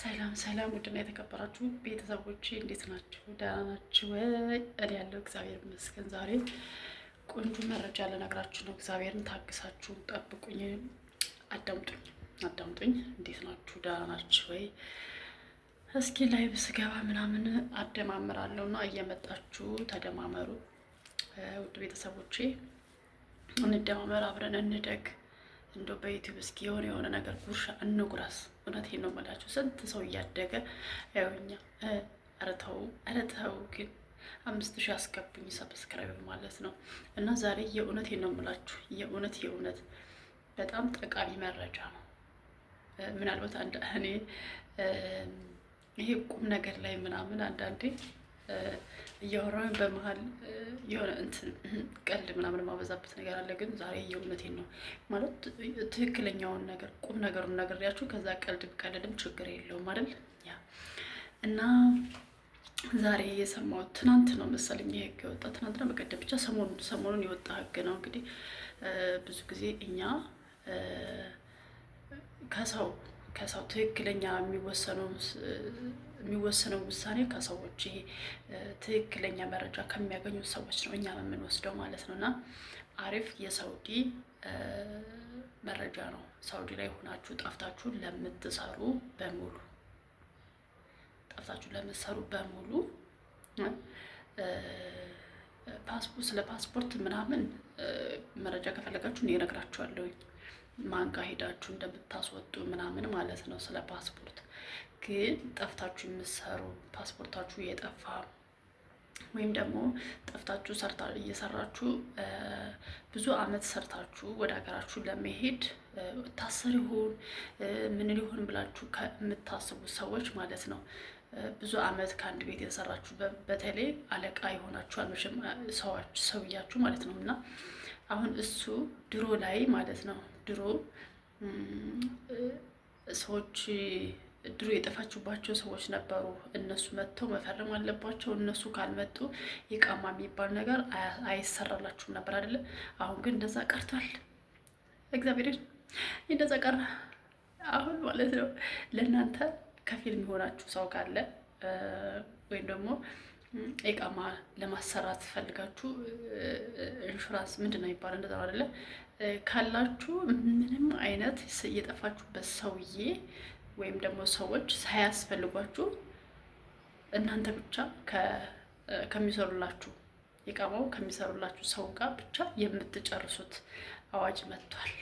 ሰላም ሰላም፣ ውድና የተከበራችሁ ቤተሰቦች እንዴት ናችሁ? ደህና ናችሁ? እኔ ያለው እግዚአብሔር ይመስገን። ዛሬ ቆንጆ መረጃ ልነግራችሁ ነው። እግዚአብሔርን ታግሳችሁ ጠብቁኝ፣ አዳምጡኝ፣ አዳምጡኝ። እንዴት ናችሁ? ደህና ናችሁ ወይ? እስኪ ላይቭ ስገባ ምናምን አደማምራለሁ እና እየመጣችሁ ተደማመሩ ውድ ቤተሰቦቼ፣ እንደማመር፣ አብረን እንደግ እንዶ በዩቲዩብ እስኪ የሆነ የሆነ ነገር ጉርሻ እንጉራስ። እውነቴን ነው የምላችሁ፣ ስንት ሰው እያደገ ያውኛ። ኧረ ተው፣ ኧረ ተው ግን አምስት ሺህ አስገቡኝ ሰብስክራይብ ማለት ነው። እና ዛሬ የእውነቴን ነው የምላችሁ፣ የእውነት የእውነት በጣም ጠቃሚ መረጃ ነው። ምናልባት አንድ እኔ ይሄ ቁም ነገር ላይ ምናምን አንዳንዴ እያወራሁኝ በመሀል የሆነ እንትን ቀልድ ምናምን ማበዛበት ነገር አለ። ግን ዛሬ የእውነቴን ነው ማለት ትክክለኛውን ነገር ቁም ነገሩን ነግሬያችሁ ከዛ ቀልድ ብቀልድም ችግር የለውም አይደል? ያ እና ዛሬ የሰማሁት ትናንት ነው መሰለኝ ይህ ህግ የወጣ ነው በቀደም ብቻ ሰሞኑን ሰሞኑን የወጣ ህግ ነው። እንግዲህ ብዙ ጊዜ እኛ ከሰው ከሰው ትክክለኛ የሚወሰኑ የሚወሰነው ውሳኔ ከሰዎች ይሄ ትክክለኛ መረጃ ከሚያገኙ ሰዎች ነው እኛ የምንወስደው ማለት ነው። እና አሪፍ የሳውዲ መረጃ ነው። ሳውዲ ላይ ሆናችሁ ጠፍታችሁ ለምትሰሩ በሙሉ ጠፍታችሁ ለምትሰሩ በሙሉ ፓስፖርት ስለ ፓስፖርት ምናምን መረጃ ከፈለጋችሁ እኔ እነግራችኋለሁ። ማንጋ ሄዳችሁ እንደምታስወጡ ምናምን ማለት ነው ስለ ፓስፖርት ግን ጠፍታችሁ የምትሰሩ ፓስፖርታችሁ እየጠፋ ወይም ደግሞ ጠፍታችሁ እየሰራችሁ ብዙ አመት ሰርታችሁ ወደ ሀገራችሁ ለመሄድ ታሰር ይሆን ምን ሊሆን ብላችሁ ከምታስቡ ሰዎች ማለት ነው። ብዙ አመት ከአንድ ቤት የሰራችሁ በተለይ አለቃ የሆናችሁ አልመሸም ሰውያችሁ ማለት ነው። እና አሁን እሱ ድሮ ላይ ማለት ነው ድሮ ሰዎች ድሮ የጠፋችሁባቸው ሰዎች ነበሩ። እነሱ መጥተው መፈረም አለባቸው። እነሱ ካልመጡ ይቃማ የሚባል ነገር አይሰራላችሁም ነበር አይደለ? አሁን ግን እንደዛ ቀርቷል። እግዚአብሔር እንደዛ ቀረ አሁን ማለት ነው። ለእናንተ ከፊል የሚሆናችሁ ሰው ካለ ወይም ደግሞ ኢቃማ ለማሰራት ፈልጋችሁ ኢንሹራንስ ምንድን ነው ይባላል? እንደዛ አይደለ? ካላችሁ ምንም አይነት የጠፋችሁበት ሰውዬ ወይም ደግሞ ሰዎች ሳያስፈልጓችሁ እናንተ ብቻ ከሚሰሩላችሁ የቀማው ከሚሰሩላችሁ ሰው ጋር ብቻ የምትጨርሱት አዋጅ መጥቷል።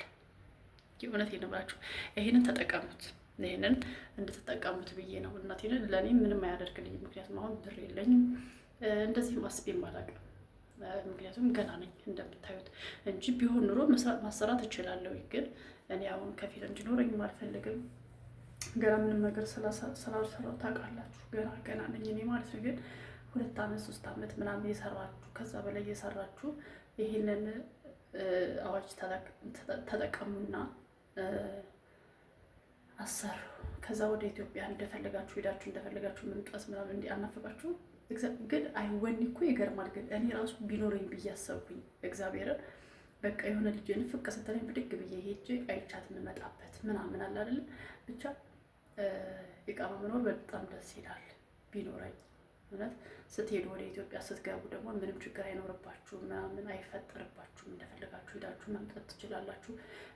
የእውነት ነው ይህንን ተጠቀሙት። ይህንን እንድትጠቀሙት ብዬ ነው። እናቴን ለእኔ ምንም አያደርግልኝ፣ ምክንያቱም አሁን ብር የለኝም እንደዚህ ማስቤ አላውቅም። ምክንያቱም ገና ነኝ እንደምታዩት እንጂ ቢሆን ኑሮ ማሰራት እችላለሁ። ግን እኔ አሁን ከፊል እንዲኖረኝ አልፈልግም። ገና ምንም ነገር ስላልሰራው ታውቃላችሁ። ገና ገና ነኝ እኔ ማለት ነው። ግን ሁለት ዓመት ሶስት ዓመት ምናምን እየሰራችሁ ከዛ በላይ የሰራችሁ ይሄንን አዋጅ ተጠቀሙና አሰሩ። ከዛ ወደ ኢትዮጵያ እንደፈለጋችሁ ሄዳችሁ እንደፈለጋችሁ መምጣት ምናምን እንዲ አናፈቃችሁ። ግን አይወኒ እኮ ይገርማል። ግን እኔ ራሱ ቢኖረኝ ብዬ አሰብኩኝ እግዚአብሔርን በቃ የሆነ ልጅ ንፍቅ ስትለኝ ብድግ ብዬ ሄጄ አይቻት የምመጣበት ምናምን አለ አይደለም ብቻ ኢቃማ መኖር በጣም ደስ ይላል ቢኖረኝ ማለት ስትሄዱ ወደ ኢትዮጵያ ስትገቡ ደግሞ ምንም ችግር አይኖርባችሁም፣ ምናምን አይፈጠርባችሁም። እንደፈለጋችሁ ሄዳችሁ መምጣት ትችላላችሁ።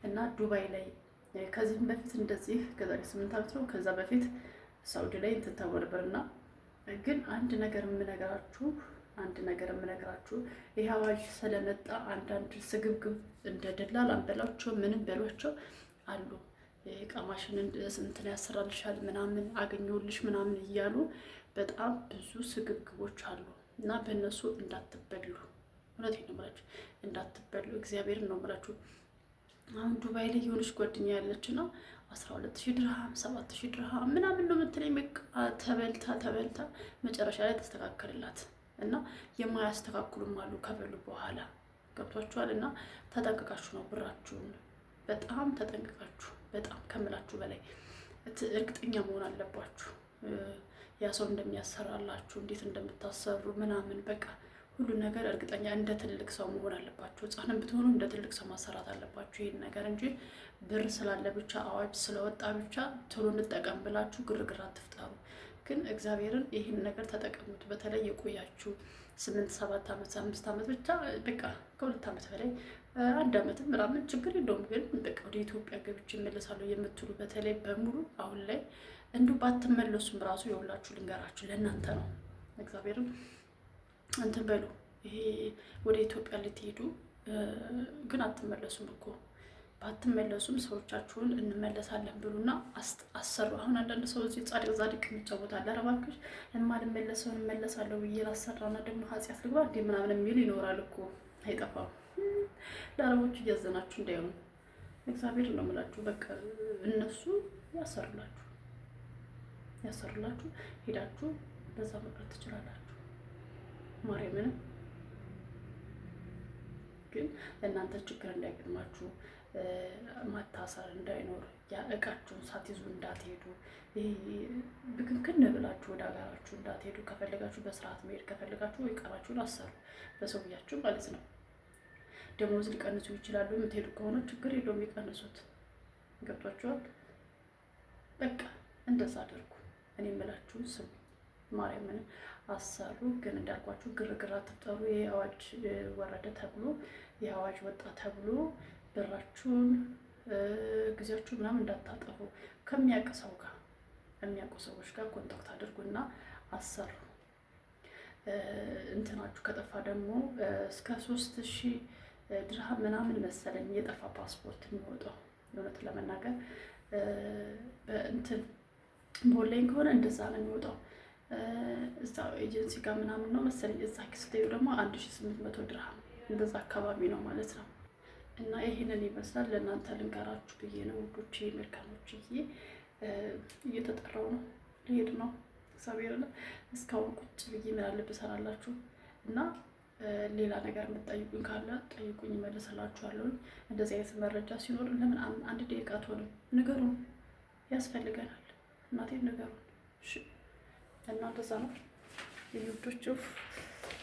እና ዱባይ ላይ ከዚህም በፊት እንደዚህ ከዛሬ ስምንት ዓመት ነው ከዛ በፊት ሳውዲ ላይ እንትተው ነበር እና ግን አንድ ነገር የምነግራችሁ አንድ ነገር የምነግራችሁ ይህ አዋጅ ስለመጣ አንዳንድ ስግብግብ እንደደላል አንበላቸው ምንም በሏቸው አሉ እቃማሽንን እንትን ያሰራልሻል ምናምን አገኘሁልሽ ምናምን እያሉ በጣም ብዙ ስግብግቦች አሉ እና በእነሱ እንዳትበሉ፣ እውነት ነው የምላችሁ እንዳትበሉ፣ እግዚአብሔር ነው የምላችሁ። አሁን ዱባይ ላይ የሆነች ጓደኛ ያለች ና አስራ ሁለት ሺ ድርሃም ሰባት ሺ ድርሃም ምናምን ነው የምትለኝ። ተበልታ ተበልታ መጨረሻ ላይ ተስተካከልላት እና የማያስተካክሉም አሉ ከበሉ በኋላ ገብቷችኋል። እና ተጠንቅቃችሁ ነው ብራችሁን፣ በጣም ተጠንቅቃችሁ በጣም ከምላችሁ በላይ እርግጠኛ መሆን አለባችሁ። ያ ሰው እንደሚያሰራላችሁ እንዴት እንደምታሰሩ ምናምን በቃ ሁሉ ነገር እርግጠኛ እንደ ትልቅ ሰው መሆን አለባችሁ። ሕፃንም ብትሆኑ እንደ ትልቅ ሰው ማሰራት አለባችሁ ይህን ነገር እንጂ ብር ስላለ ብቻ አዋጅ ስለወጣ ብቻ ቶሎ እንጠቀም ብላችሁ ግርግር አትፍጠሩ። ግን እግዚአብሔርን ይህን ነገር ተጠቀሙት። በተለይ የቆያችሁ ስምንት ሰባት ዓመት አምስት ዓመት ብቻ በቃ ከሁለት ዓመት በላይ አንድ አመት ምናምን ችግር የለውም። ግን በቃ ወደ ኢትዮጵያ ገብቼ እመለሳለሁ የምትሉ በተለይ በሙሉ አሁን ላይ እንዲሁ ባትመለሱም ራሱ የሁላችሁ ልንገራችሁ ለእናንተ ነው። እግዚአብሔርም እንትን በሉ ይሄ ወደ ኢትዮጵያ ልትሄዱ ግን አትመለሱም እኮ ባትመለሱም ሰዎቻችሁን እንመለሳለን ብሉና አሰሩ። አሁን አንዳንድ ሰው እዚህ ጻድቅ ጻድቅ የሚጫወታል። ኧረ እባክሽ የማልመለሰውን እንመለሳለሁ ብዬ ላሰራና ደግሞ ኃጢአት ልግባ እንዴ ምናምን የሚል ይኖራል እኮ አይጠፋም። ለአረቦቹ እያዘናችሁ እንዳይሆኑ እግዚአብሔር ነው የምላችሁ። በቃ እነሱ ያሰሩላችሁ ያሰሩላችሁ፣ ሄዳችሁ በዛ መቅረት ትችላላችሁ። ማርያምን ግን እናንተ ችግር እንዳይገጥማችሁ ማታሰር እንዳይኖር እቃችሁን ሳትይዙ እንዳትሄዱ፣ ብክንክን ብላችሁ ወደ ሀገራችሁ እንዳትሄዱ። ከፈለጋችሁ በስርዓት መሄድ ከፈለጋችሁ እቃችሁን አሰሩ በሰውያችሁ ማለት ነው። ደሞዝ ሊቀንሱ ይችላሉ። የምትሄዱ ከሆነ ችግር የለውም ሊቀንሱት። ገብቷችኋል? በቃ እንደዛ አድርጉ። እኔ የምላችሁ ስሙ። ማርያምን አሰሩ። ግን እንዳልኳችሁ ግርግር አትጠሩ። ይህ አዋጅ ወረደ ተብሎ ይህ አዋጅ ወጣ ተብሎ ብራችሁን ጊዜያችሁ ምናምን እንዳታጠፉ ከሚያውቅ ሰው ጋር ከሚያውቁ ሰዎች ጋር ኮንታክት አድርጉና አሰሩ። እንትናችሁ ከጠፋ ደግሞ እስከ ሶስት ሺህ ድርሃም ምናምን መሰለኝ የጠፋ ፓስፖርት የሚወጣው እውነት ለመናገር እንትን በኦንላይን ከሆነ እንደዛ ነው የሚወጣው። እዛ ኤጀንሲ ጋር ምናምን ነው መሰለኝ። እዛ ክስቴዩ ደግሞ አንድ ሺ ስምንት መቶ ድርሃም እንደዛ አካባቢ ነው ማለት ነው። እና ይህንን ይመስላል ለእናንተ ልንገራችሁ ብዬ ነው መልካኖች ዬ እየተጠራው ነው ልሄድ ነው እግዚአብሔር እስካሁን ቁጭ ብዬ ምን እሰራላችሁ እና ሌላ ነገር የምትጠይቁኝ ካለ ጠይቁኝ፣ እመልስላችኋለሁ። እንደዚህ አይነት መረጃ ሲኖር ለምን አንድ ደቂቃ አትሆንም? ንገሩን፣ ያስፈልገናል። እናቴ ንገሩን እና እንደዛ ነው ልዩዶቹ።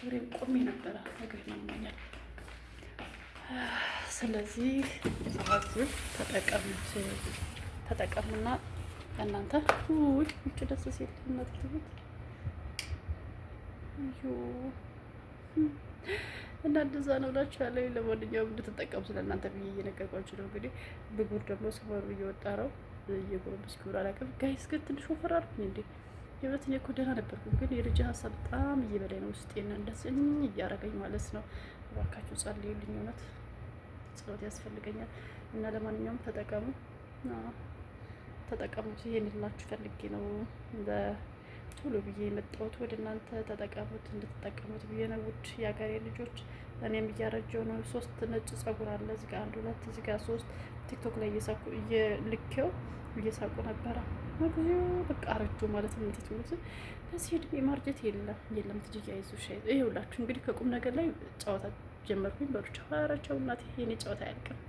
እግሬም ቆሜ ነበረ እግሬ ይመኛል። ስለዚህ ሰዓቱን ተጠቀሙት፣ ተጠቀሙና እናንተ ውጭ ደስ ሲል እናት ዩ እና እንደዛ ነው እላችኋለሁ። ለማንኛውም እንድትጠቀሙ ስለ እናንተ ብዬ እየነገርኳችሁ ነው። እንግዲህ ብጉር ደግሞ ሰፈሩ እየወጣ ነው። እየጎረምስ ሲጎር አላውቅም። ጋይስ ግን ትንሽ ወፈር አልኩኝ እንዴ! የእውነት እኔ እኮ ደህና ነበርኩ፣ ግን የልጅ ሀሳብ በጣም እየበላይ ነው ውስጤን እንደዚህ እያረገኝ ማለት ነው። እባካችሁ ጸልዩልኝ፣ እውነት ጸሎት ያስፈልገኛል። እና ለማንኛውም ተጠቀሙ ተጠቀሙ። ይሄን ልላችሁ ፈልጌ ነው። ቶሎ ብዬ የመጣሁት ወደ እናንተ ተጠቀሙት እንድትጠቀሙት ብዬ ነው። ውድ የሀገሬ ልጆች እኔም እያረጀው ነው። ሶስት ነጭ ጸጉር አለ እዚጋ አንድ ሁለት እዚጋ ሶስት ቲክቶክ ላይ እየሳቁ እየልኬው እየሳቁ ነበረ። ብዙ በቃ አረጁ ማለት ነው። እንዴት ሚሉት በዚህ እድሜ ማርጀት የለም የለም። ትጅ ያይዙ ይሄ ሁላችሁ እንግዲህ ከቁም ነገር ላይ ጨዋታ ጀመርኩኝ። በሩጫ ረቸው እናት ይሄኔ ጨዋታ አያልቅም።